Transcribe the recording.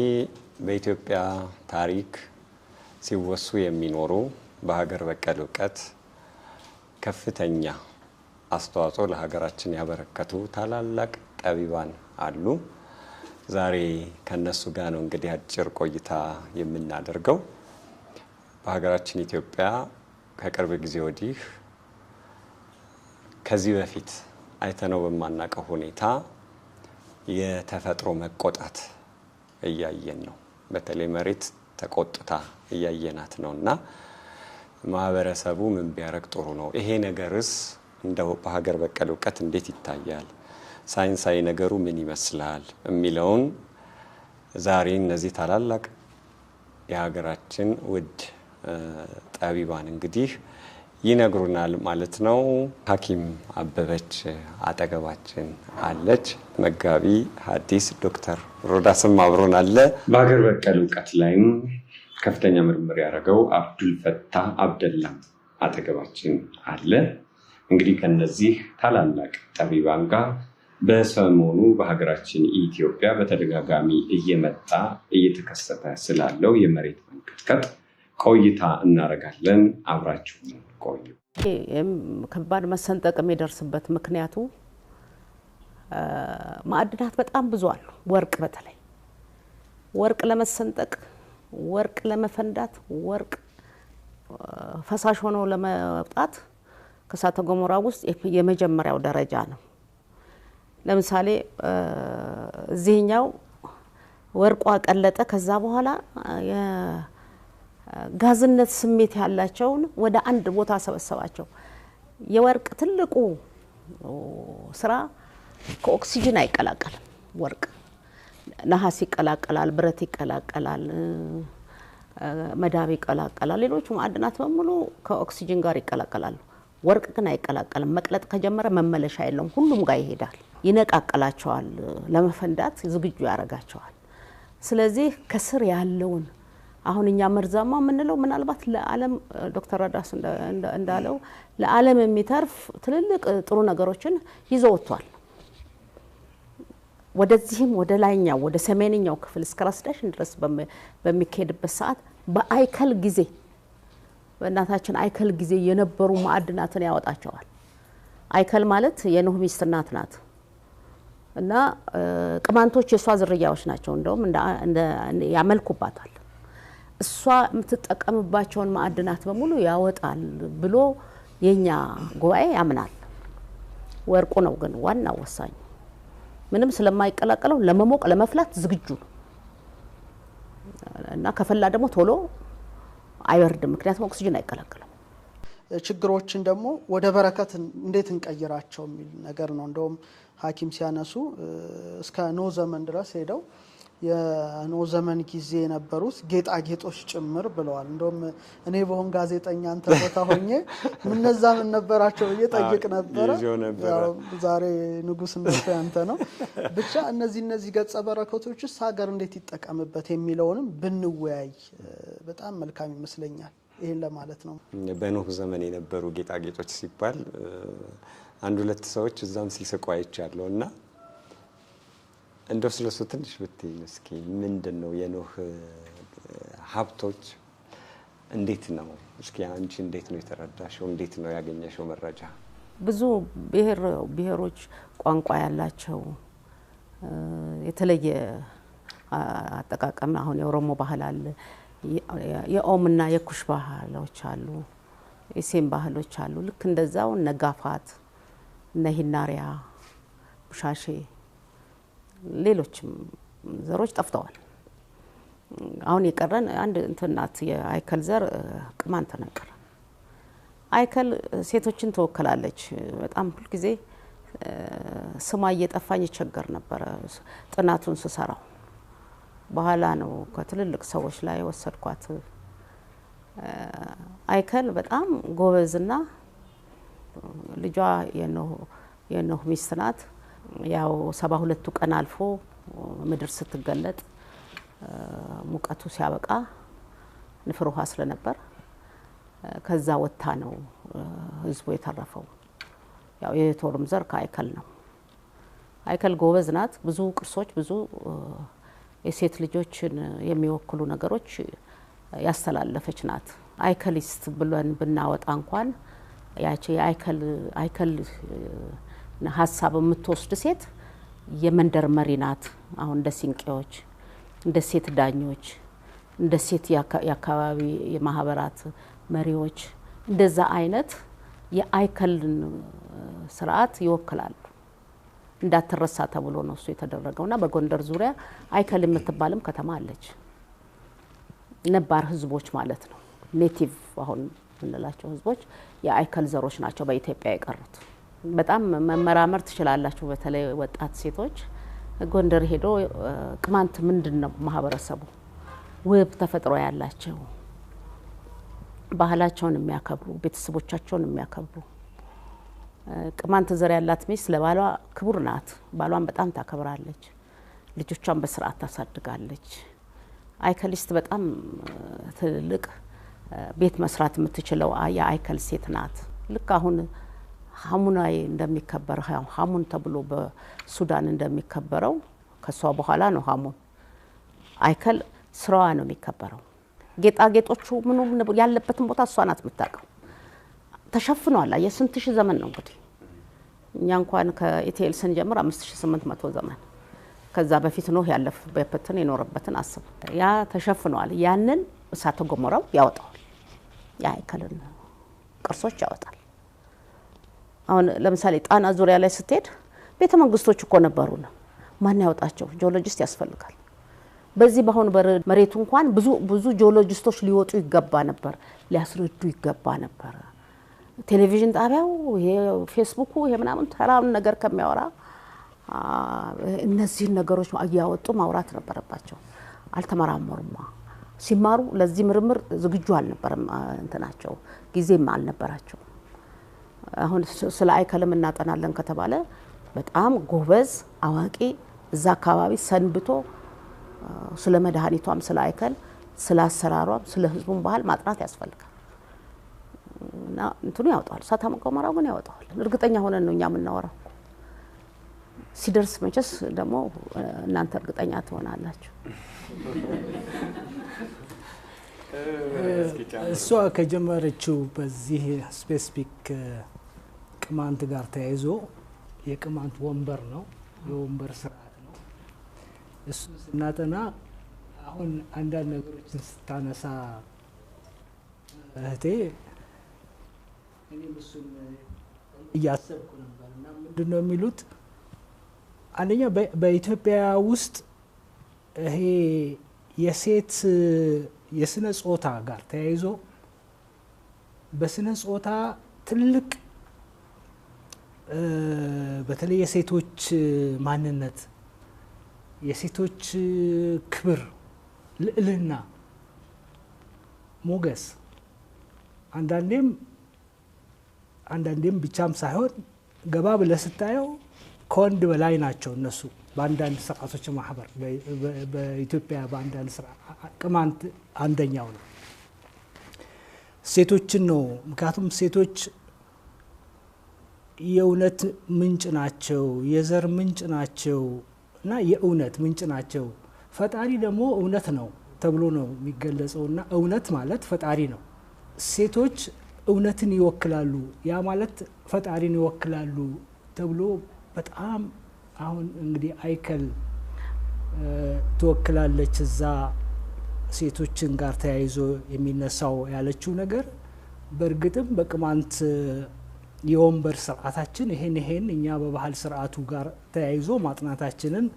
ይህ በኢትዮጵያ ታሪክ ሲወሱ የሚኖሩ በሀገር በቀል እውቀት ከፍተኛ አስተዋጽኦ ለሀገራችን ያበረከቱ ታላላቅ ጠቢባን አሉ። ዛሬ ከነሱ ጋር ነው እንግዲህ አጭር ቆይታ የምናደርገው። በሀገራችን ኢትዮጵያ ከቅርብ ጊዜ ወዲህ ከዚህ በፊት አይተነው በማናውቀው ሁኔታ የተፈጥሮ መቆጣት እያየን ነው። በተለይ መሬት ተቆጥታ እያየናት ነው እና ማህበረሰቡ ምን ቢያደርግ ጥሩ ነው? ይሄ ነገርስ እንደው በሀገር በቀል እውቀት እንዴት ይታያል? ሳይንሳዊ ነገሩ ምን ይመስላል? የሚለውን ዛሬ እነዚህ ታላላቅ የሀገራችን ውድ ጠቢባን እንግዲህ ይነግሩናል ማለት ነው። ሐኪም አበበች አጠገባችን አለች። መጋቢ ሐዲስ ዶክተር ሮዳስም አብሮን አለ። በሀገር በቀል እውቀት ላይም ከፍተኛ ምርምር ያደረገው አብዱል ፈታ አብደላም አጠገባችን አለ። እንግዲህ ከነዚህ ታላላቅ ጠቢባን ጋር በሰሞኑ በሀገራችን ኢትዮጵያ በተደጋጋሚ እየመጣ እየተከሰተ ስላለው የመሬት መንቀጥቀጥ ቆይታ እናደርጋለን። አብራችሁን ቆዩ። ከባድ መሰንጠቅ የሚደርስበት ምክንያቱ ማዕድናት በጣም ብዙ አሉ። ወርቅ በተለይ ወርቅ ለመሰንጠቅ፣ ወርቅ ለመፈንዳት፣ ወርቅ ፈሳሽ ሆኖ ለመውጣት ከእሳተ ገሞራ ውስጥ የመጀመሪያው ደረጃ ነው። ለምሳሌ እዚህኛው ወርቋ ቀለጠ። ከዛ በኋላ ጋዝነት ስሜት ያላቸውን ወደ አንድ ቦታ ሰበሰባቸው። የወርቅ ትልቁ ስራ ከኦክሲጅን አይቀላቀልም። ወርቅ ነሐስ ይቀላቀላል፣ ብረት ይቀላቀላል፣ መዳብ ይቀላቀላል። ሌሎች ማዕድናት በሙሉ ከኦክሲጅን ጋር ይቀላቀላሉ። ወርቅ ግን አይቀላቀልም። መቅለጥ ከጀመረ መመለሻ የለውም። ሁሉም ጋር ይሄዳል፣ ይነቃቀላቸዋል፣ ለመፈንዳት ዝግጁ ያደርጋቸዋል። ስለዚህ ከስር ያለውን አሁን እኛ መርዛማ የምንለው ምናልባት ለዓለም ዶክተር ረዳስ እንዳለው ለዓለም የሚተርፍ ትልልቅ ጥሩ ነገሮችን ይዞ ወጥቷል። ወደዚህም ወደ ላይኛው ወደ ሰሜንኛው ክፍል እስከ ራስ ዳሽን ድረስ በሚካሄድበት ሰዓት በአይከል ጊዜ በእናታችን አይከል ጊዜ የነበሩ ማዕድናትን ያወጣቸዋል። አይከል ማለት የኖህ ሚስት እናት ናት እና ቅማንቶች የእሷ ዝርያዎች ናቸው። እንደውም ያመልኩባታል እሷ የምትጠቀምባቸውን ማዕድናት በሙሉ ያወጣል ብሎ የኛ ጉባኤ ያምናል። ወርቁ ነው ግን ዋና ወሳኝ ምንም ስለማይቀላቀለው ለመሞቅ ለመፍላት ዝግጁ ነው እና ከፈላ ደግሞ ቶሎ አይበርድም፣ ምክንያቱም ኦክሲጅን አይቀላቀለም። ችግሮችን ደግሞ ወደ በረከት እንዴት እንቀይራቸው የሚል ነገር ነው። እንደውም ሐኪም ሲያነሱ እስከ ኖ ዘመን ድረስ ሄደው የኖ ዘመን ጊዜ የነበሩት ጌጣጌጦች ጭምር ብለዋል። እንደውም እኔ በሆን ጋዜጠኛ አንተ ቦታ ሆኜ ምነዛ ምን ነበራቸው ብዬ ጠይቅ ነበረ። ዛሬ ንጉሥ እንደሱ ያንተ ነው። ብቻ እነዚህ እነዚህ ገጸ በረከቶች ስ ሀገር እንዴት ይጠቀምበት የሚለውንም ብንወያይ በጣም መልካም ይመስለኛል። ይህን ለማለት ነው። በኖህ ዘመን የነበሩ ጌጣጌጦች ሲባል አንድ ሁለት ሰዎች እዛም ሲስቁ አይቻለሁ እና እንደው ስለሱ ትንሽ ብትይ እስኪ ምንድን ነው የኖህ ሀብቶች እንዴት ነው እስኪ አንቺ እንዴት ነው የተረዳሽው? እንዴት ነው ያገኘሽው መረጃ? ብዙ ብሔሮች ቋንቋ ያላቸው የተለየ አጠቃቀም አሁን የኦሮሞ ባህል አለ፣ የኦምና የኩሽ ባህሎች አሉ፣ የሴም ባህሎች አሉ። ልክ እንደዛው ነጋፋት ነሂናሪያ ቡሻሼ ሌሎችም ዘሮች ጠፍተዋል። አሁን የቀረን አንድ እንትናት የአይከል ዘር ቅማንት ነው የቀረ። አይከል ሴቶችን ትወክላለች። በጣም ሁልጊዜ ስሟ እየጠፋኝ ይቸገር ነበረ ጥናቱን ስሰራው። በኋላ ነው ከትልልቅ ሰዎች ላይ ወሰድኳት። አይከል በጣም ጎበዝና ልጇ የኖህ ሚስት ናት። ያው ሰባ ሁለቱ ቀን አልፎ ምድር ስትገለጥ ሙቀቱ ሲያበቃ ንፍር ውሃ ስለነበር ከዛ ወጥታ ነው ህዝቡ የተረፈው። ያው የቶርም ዘር ከአይከል ነው። አይከል ጎበዝ ናት። ብዙ ቅርሶች፣ ብዙ የሴት ልጆችን የሚወክሉ ነገሮች ያስተላለፈች ናት። አይከሊስት ብለን ብናወጣ እንኳን ያቺ አይከል ሀሳብ የምትወስድ ሴት የመንደር መሪ ናት። አሁን እንደ ሲንቄዎች፣ እንደ ሴት ዳኞች፣ እንደ ሴት የአካባቢ የማህበራት መሪዎች እንደዛ አይነት የአይከልን ስርዓት ይወክላሉ። እንዳትረሳ ተብሎ ነው እሱ የተደረገው እና በጎንደር ዙሪያ አይከል የምትባልም ከተማ አለች። ነባር ህዝቦች ማለት ነው ኔቲቭ አሁን የምንላቸው ህዝቦች የአይከል ዘሮች ናቸው በኢትዮጵያ የቀሩት። በጣም መመራመር ትችላላችሁ። በተለይ ወጣት ሴቶች ጎንደር ሄዶ ቅማንት ምንድን ነው ማህበረሰቡ ውብ ተፈጥሮ ያላቸው ባህላቸውን የሚያከብሩ ቤተሰቦቻቸውን የሚያከብሩ ቅማንት ዘር ያላት ሚስት ለባሏ ክቡር ናት። ባሏን በጣም ታከብራለች። ልጆቿን በስርዓት ታሳድጋለች። አይከሊስት በጣም ትልልቅ ቤት መስራት የምትችለው የአይከል ሴት ናት። ልክ አሁን ሀሙናዬ እንደሚከበር ሀሙን ተብሎ በሱዳን እንደሚከበረው ከእሷ በኋላ ነው ሀሙን አይከል ስራዋ ነው የሚከበረው። ጌጣጌጦቹ ምኑ ያለበትን ቦታ እሷ ናት የምታውቀው። ተሸፍኗል። የስንት ሺህ ዘመን ነው እንግዲህ እኛ እንኳን ከኢትኤል ስንጀምር አምስት ሺህ ስምንት መቶ ዘመን ከዛ በፊት ኖህ ያለፈበትን የኖረበትን አስብ። ያ ተሸፍኗል። ያንን እሳተ ገሞራው ያወጣዋል። የአይከልን ቅርሶች ያወጣል። አሁን ለምሳሌ ጣና ዙሪያ ላይ ስትሄድ ቤተ መንግስቶች እኮ ነበሩ ነው። ማን ያወጣቸው? ጂኦሎጂስት ያስፈልጋል። በዚህ በአሁኑ መሬቱ እንኳን ብዙ ብዙ ጂኦሎጂስቶች ሊወጡ ይገባ ነበር፣ ሊያስረዱ ይገባ ነበር። ቴሌቪዥን ጣቢያው ይሄ ፌስቡኩ ይሄ ምናምን ተራውን ነገር ከሚያወራ እነዚህን ነገሮች እያወጡ ማውራት ነበረባቸው። አልተመራመሩማ። ሲማሩ ለዚህ ምርምር ዝግጁ አልነበረም፣ እንትናቸው ጊዜም አልነበራቸው። አሁን ስለ አይከልም እናጠናለን ከተባለ በጣም ጎበዝ አዋቂ እዛ አካባቢ ሰንብቶ ስለ መድኃኒቷም ስለ አይከል ስለ አሰራሯም ስለ ህዝቡም ባህል ማጥናት ያስፈልጋል። እና እንትኑ ያወጣዋል፣ እሳታማ ገሞራው ግን ያወጣዋል። እርግጠኛ ሆነን ነው እኛ የምናወራው። ሲደርስ መቼስ ደግሞ እናንተ እርግጠኛ ትሆናላችሁ። እሷ ከጀመረችው በዚህ ስፔሲፊክ ቅማንት ጋር ተያይዞ የቅማንት ወንበር ነው፣ የወንበር ስርዓት ነው። እሱን ስናጠና አሁን አንዳንድ ነገሮችን ስታነሳ እህቴ እኔም እሱን እያሰብኩ ነበር እና ምንድን ነው የሚሉት አንደኛ በኢትዮጵያ ውስጥ ይሄ የሴት የስነ ጾታ ጋር ተያይዞ በስነ ጾታ ትልቅ በተለይ የሴቶች ማንነት፣ የሴቶች ክብር፣ ልዕልና፣ ሞገስ አንዳንዴም አንዳንዴም ብቻም ሳይሆን ገባ ብለህ ስታየው ከወንድ በላይ ናቸው እነሱ በአንዳንድ ስርዓቶች ማህበር በኢትዮጵያ በአንዳንድ ቅማንት አንደኛው ነው። ሴቶችን ነው ምክንያቱም ሴቶች የእውነት ምንጭ ናቸው፣ የዘር ምንጭ ናቸው እና የእውነት ምንጭ ናቸው። ፈጣሪ ደግሞ እውነት ነው ተብሎ ነው የሚገለጸው እና እውነት ማለት ፈጣሪ ነው። ሴቶች እውነትን ይወክላሉ፣ ያ ማለት ፈጣሪን ይወክላሉ ተብሎ በጣም አሁን እንግዲህ አይከል ትወክላለች እዛ ሴቶችን ጋር ተያይዞ የሚነሳው ያለችው ነገር በእርግጥም በቅማንት የወንበር ስርዓታችን ይሄን ይሄን እኛ በባህል ስርዓቱ ጋር ተያይዞ ማጥናታችንን